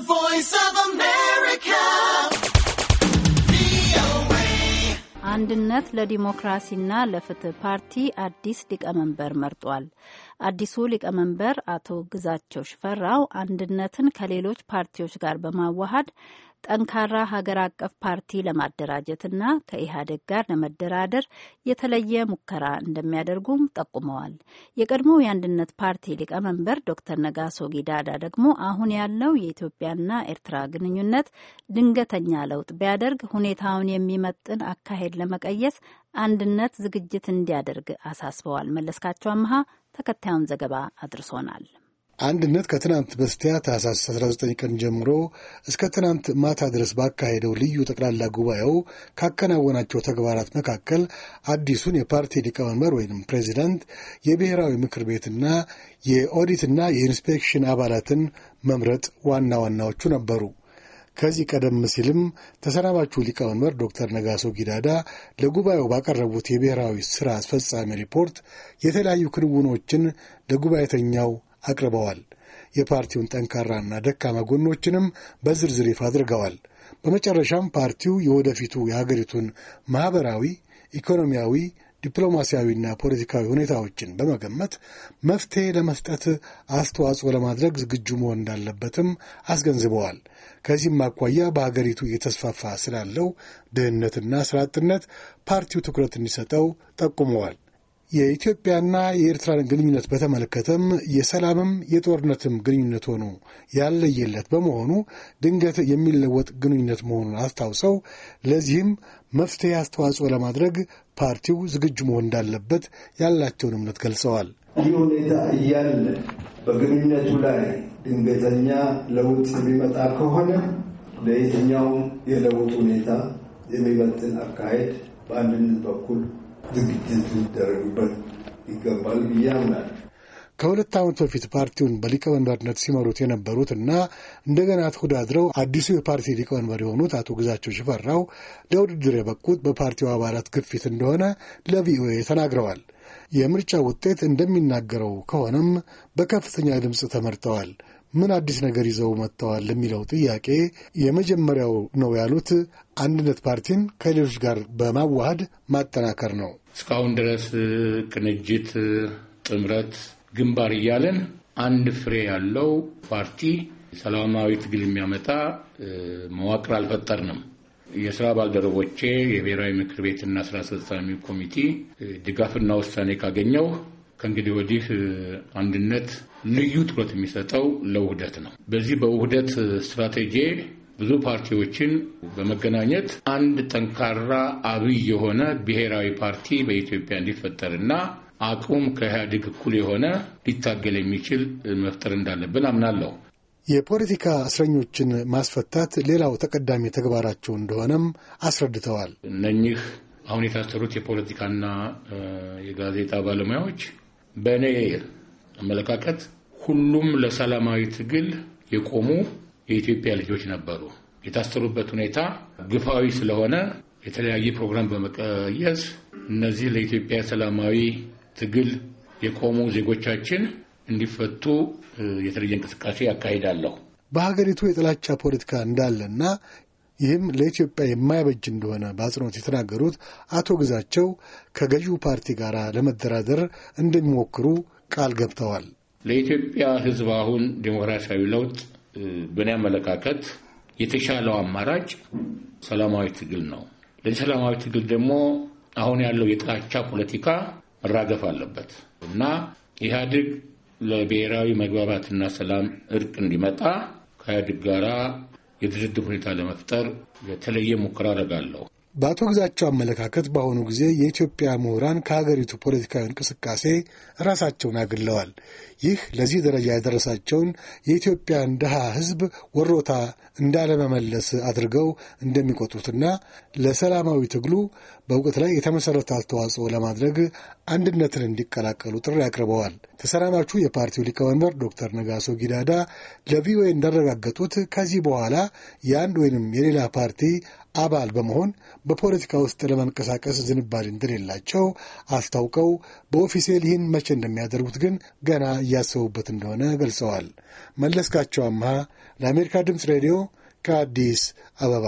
The Voice of America. አንድነት ለዲሞክራሲና ለፍትህ ፓርቲ አዲስ ሊቀመንበር መርጧል። አዲሱ ሊቀመንበር አቶ ግዛቸው ሽፈራው አንድነትን ከሌሎች ፓርቲዎች ጋር በማዋሃድ ጠንካራ ሀገር አቀፍ ፓርቲ ለማደራጀትና ከኢህአዴግ ጋር ለመደራደር የተለየ ሙከራ እንደሚያደርጉም ጠቁመዋል። የቀድሞው የአንድነት ፓርቲ ሊቀመንበር ዶክተር ነጋሶ ጊዳዳ ደግሞ አሁን ያለው የኢትዮጵያና ኤርትራ ግንኙነት ድንገተኛ ለውጥ ቢያደርግ ሁኔታውን የሚመጥን አካሄድ ለመቀየስ አንድነት ዝግጅት እንዲያደርግ አሳስበዋል። መለስካቸው አመሃ ተከታዩን ዘገባ አድርሶናል። አንድነት ከትናንት በስቲያ ታህሳስ 19 ቀን ጀምሮ እስከ ትናንት ማታ ድረስ ባካሄደው ልዩ ጠቅላላ ጉባኤው ካከናወናቸው ተግባራት መካከል አዲሱን የፓርቲ ሊቀመንበር ወይም ፕሬዚዳንት፣ የብሔራዊ ምክር ቤትና የኦዲትና የኢንስፔክሽን አባላትን መምረጥ ዋና ዋናዎቹ ነበሩ። ከዚህ ቀደም ሲልም ተሰናባቹ ሊቀመንበር ዶክተር ነጋሶ ጊዳዳ ለጉባኤው ባቀረቡት የብሔራዊ ስራ አስፈጻሚ ሪፖርት የተለያዩ ክንውኖችን ለጉባኤተኛው አቅርበዋል። የፓርቲውን ጠንካራና ደካማ ጎኖችንም በዝርዝር ይፋ አድርገዋል። በመጨረሻም ፓርቲው የወደፊቱ የሀገሪቱን ማኅበራዊ፣ ኢኮኖሚያዊ፣ ዲፕሎማሲያዊና ፖለቲካዊ ሁኔታዎችን በመገመት መፍትሔ ለመስጠት አስተዋጽኦ ለማድረግ ዝግጁ መሆን እንዳለበትም አስገንዝበዋል። ከዚህም አኳያ በሀገሪቱ እየተስፋፋ ስላለው ድህነትና ስራ አጥነት ፓርቲው ትኩረት እንዲሰጠው ጠቁመዋል። የኢትዮጵያና የኤርትራን ግንኙነት በተመለከተም የሰላምም የጦርነትም ግንኙነት ሆኖ ያለየለት በመሆኑ ድንገት የሚለወጥ ግንኙነት መሆኑን አስታውሰው ለዚህም መፍትሄ አስተዋጽኦ ለማድረግ ፓርቲው ዝግጁ መሆን እንዳለበት ያላቸውን እምነት ገልጸዋል። ይህ ሁኔታ እያለ በግንኙነቱ ላይ ድንገተኛ ለውጥ የሚመጣ ከሆነ ለየትኛውም የለውጥ ሁኔታ የሚመጥን አካሄድ በአንድነት በኩል ዝግጅት ሊደረግበት ይገባል ብዬ ከሁለት ዓመት በፊት ፓርቲውን በሊቀመንበርነት ሲመሩት የነበሩት እና እንደገና ተወዳድረው አዲሱ የፓርቲ ሊቀመንበር የሆኑት አቶ ግዛቸው ሽፈራው ለውድድር የበቁት በፓርቲው አባላት ግፊት እንደሆነ ለቪኦኤ ተናግረዋል። የምርጫ ውጤት እንደሚናገረው ከሆነም በከፍተኛ ድምፅ ተመርጠዋል። ምን አዲስ ነገር ይዘው መጥተዋል ለሚለው ጥያቄ የመጀመሪያው ነው ያሉት አንድነት ፓርቲን ከሌሎች ጋር በማዋሃድ ማጠናከር ነው። እስካሁን ድረስ ቅንጅት፣ ጥምረት፣ ግንባር እያለን አንድ ፍሬ ያለው ፓርቲ ሰላማዊ ትግል የሚያመጣ መዋቅር አልፈጠርንም። የስራ ባልደረቦቼ የብሔራዊ ምክር ቤትና ስራ አስፈጻሚ ኮሚቴ ድጋፍና ውሳኔ ካገኘው ከእንግዲህ ወዲህ አንድነት ልዩ ትኩረት የሚሰጠው ለውህደት ነው። በዚህ በውህደት ስትራቴጂ ብዙ ፓርቲዎችን በመገናኘት አንድ ጠንካራ አብይ የሆነ ብሔራዊ ፓርቲ በኢትዮጵያ እንዲፈጠርና አቅሙም ከኢህአዴግ እኩል የሆነ ሊታገል የሚችል መፍጠር እንዳለብን አምናለሁ። የፖለቲካ እስረኞችን ማስፈታት ሌላው ተቀዳሚ ተግባራቸው እንደሆነም አስረድተዋል። እነኚህ አሁን የታሰሩት የፖለቲካና የጋዜጣ ባለሙያዎች በእኔ አመለካከት ሁሉም ለሰላማዊ ትግል የቆሙ የኢትዮጵያ ልጆች ነበሩ። የታሰሩበት ሁኔታ ግፋዊ ስለሆነ የተለያየ ፕሮግራም በመቀየስ እነዚህ ለኢትዮጵያ ሰላማዊ ትግል የቆሙ ዜጎቻችን እንዲፈቱ የተለየ እንቅስቃሴ ያካሂዳለሁ። በሀገሪቱ የጥላቻ ፖለቲካ እንዳለና ይህም ለኢትዮጵያ የማይበጅ እንደሆነ በአጽንኦት የተናገሩት አቶ ግዛቸው ከገዢው ፓርቲ ጋር ለመደራደር እንደሚሞክሩ ቃል ገብተዋል። ለኢትዮጵያ ሕዝብ አሁን ዴሞክራሲያዊ ለውጥ በእኔ አመለካከት የተሻለው አማራጭ ሰላማዊ ትግል ነው። ለዚህ ሰላማዊ ትግል ደግሞ አሁን ያለው የጥላቻ ፖለቲካ መራገፍ አለበት እና ኢህአዴግ ለብሔራዊ መግባባትና ሰላም እርቅ እንዲመጣ ከኢህአዴግ ጋራ የድርድር ሁኔታ ለመፍጠር የተለየ ሙከራ አደርጋለሁ። በአቶ ግዛቸው አመለካከት በአሁኑ ጊዜ የኢትዮጵያ ምሁራን ከሀገሪቱ ፖለቲካዊ እንቅስቃሴ ራሳቸውን አግለዋል። ይህ ለዚህ ደረጃ የደረሳቸውን የኢትዮጵያን ድሃ ሕዝብ ወሮታ እንዳለመመለስ አድርገው እንደሚቆጥሩትና ለሰላማዊ ትግሉ በእውቀት ላይ የተመሠረተ አስተዋጽኦ ለማድረግ አንድነትን እንዲቀላቀሉ ጥሪ አቅርበዋል። ተሰናባቹ የፓርቲው ሊቀመንበር ዶክተር ነጋሶ ጊዳዳ ለቪኦኤ እንዳረጋገጡት ከዚህ በኋላ የአንድ ወይንም የሌላ ፓርቲ አባል በመሆን በፖለቲካ ውስጥ ለመንቀሳቀስ ዝንባሌ እንደሌላቸው አስታውቀው በኦፊሴል ይህን መቼ እንደሚያደርጉት ግን ገና እያሰቡበት እንደሆነ ገልጸዋል። መለስካቸው አምሃ ለአሜሪካ ድምፅ ሬዲዮ ከአዲስ አበባ